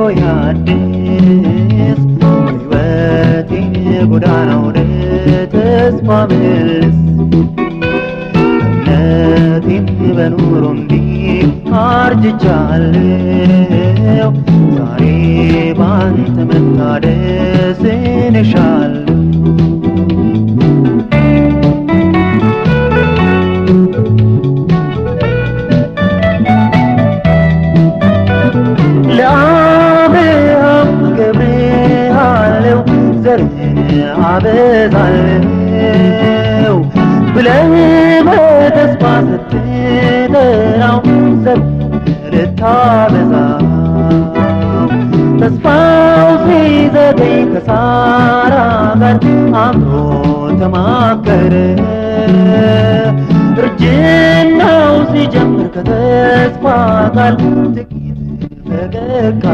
ሆይ አዲስ ሕይወቴን ተስፋ መልስ እምነቴን በኑሮ እንዲህ አርጅቻለሁ ዛሬ ባንተ ዘር አበዛለው ብለህ በተስፋ ስትጠራው ዘር ልታበዛ ተስፋው ሲዘገይ ከሳራ ጋር አብሮ ተማከረ እርጅናው ሲጀምር ከተስፋ ቃል ፈገግ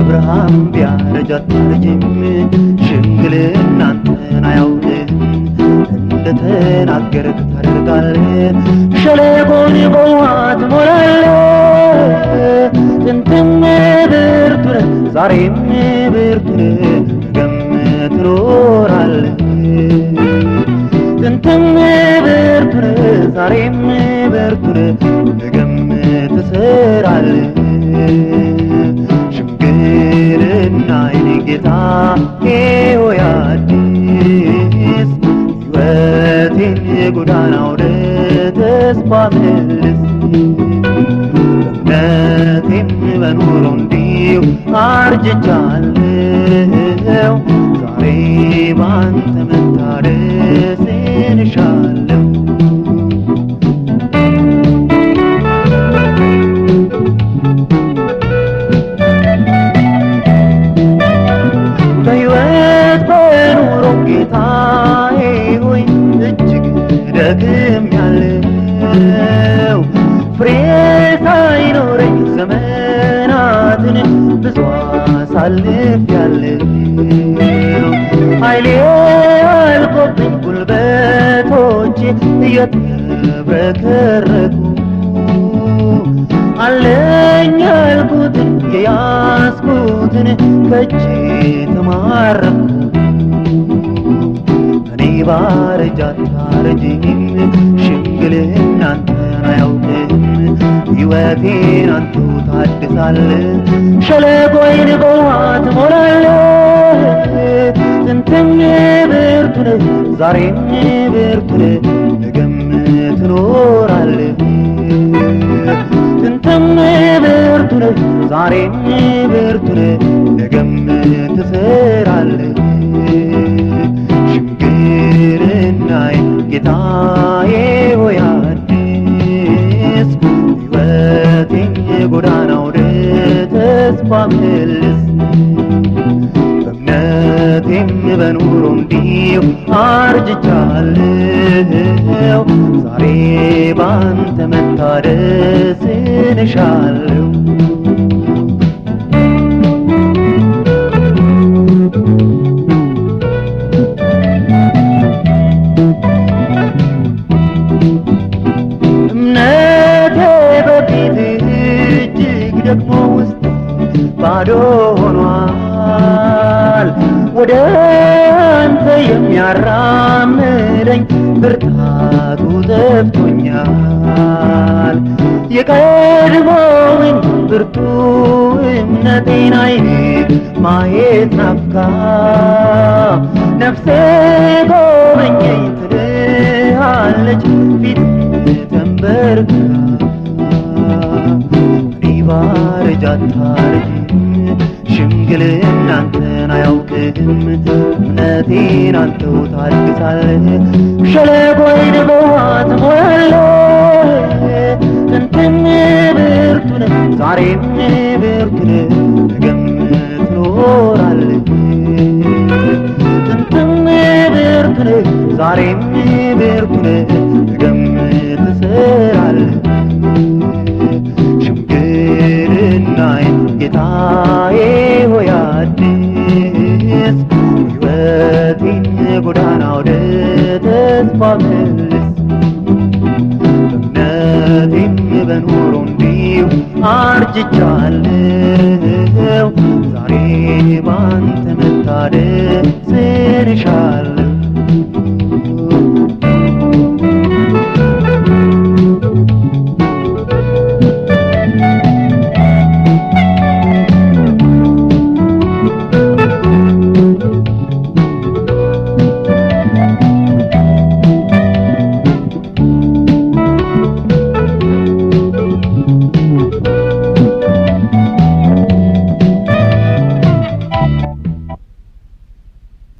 አብርሃም ቢያረጅ አታረጅም ሽምግልና አንተን አያውቅም እንደተናገርክ ሸለቆን ጥንትም ብርቱ ዛሬም ብርቱ ጥንትም ዛሬም ችግር አለ ሽምግልና ይኔ ጌታ ሆይ አዲስ ሕይወቴን የጎዳናው ተስፋ መልስ እምነቴም በኖረው እንዲሁ አርጅቻለሁ ዛሬ ባንተ መታደስን እሻለሁ ጌታዬ ሆይ እጅግ ደክሜያለሁ። ፍሬ ሳይኖረኝ ዘመናትን ብዙ አሳልፌያለሁ። ኃይሌ አልቆብኝ ጉልበቶቼ እየተብረከረኩ አለኝ ያልኩትን የያዝኩትን ከእጄ ተማረኩ። ባረጃት አረጅም ሽምግልና አንተን አያውቅም ሕይወቴን አንቱ ታድሳል ሸለቆዬን በውሃ ትሞላለ ጥንትም ብርቱነ ዛሬም ብርቱነ ነገም ትኖራል ጥንትም ብርቱነ ዛሬም ብርቱነ ነገም ትሰራለህ ጌታዬ ሆይ አድስ ሕይወቴን የጎዳናው ተስፋ መልስ በእምነቴም በኑሮ እንዲሁ አርጅቻለሁ ዛሬ ባንተ መታደስን እሻለሁ ደግሞ ውስጥ ባዶ ሆኗል። ወደ አንተ የሚያራምደኝ ብርታቱ ጠፍቶኛል። የቀድሞውን ብርቱ እምነቴን አይኔ ማየት ናፍቃ ነፍሴ አታረጅም ሽምግልና አንተን አያውቅም እምነቴን አንተው ታድሳለህ ሸለቆዬን በውሃ ትሞላለህ ጥንትም ብርቱ ዛሬም ብርቱ ነገም ትኖራለህ ጥንትም ብርቱ ዛሬም ብርቱ ጎዳናው ተስፋ መልስ እምነቴም በኑሮ እንዲሁ አርጅቻለሁ ዛሬ ባንተ መታደል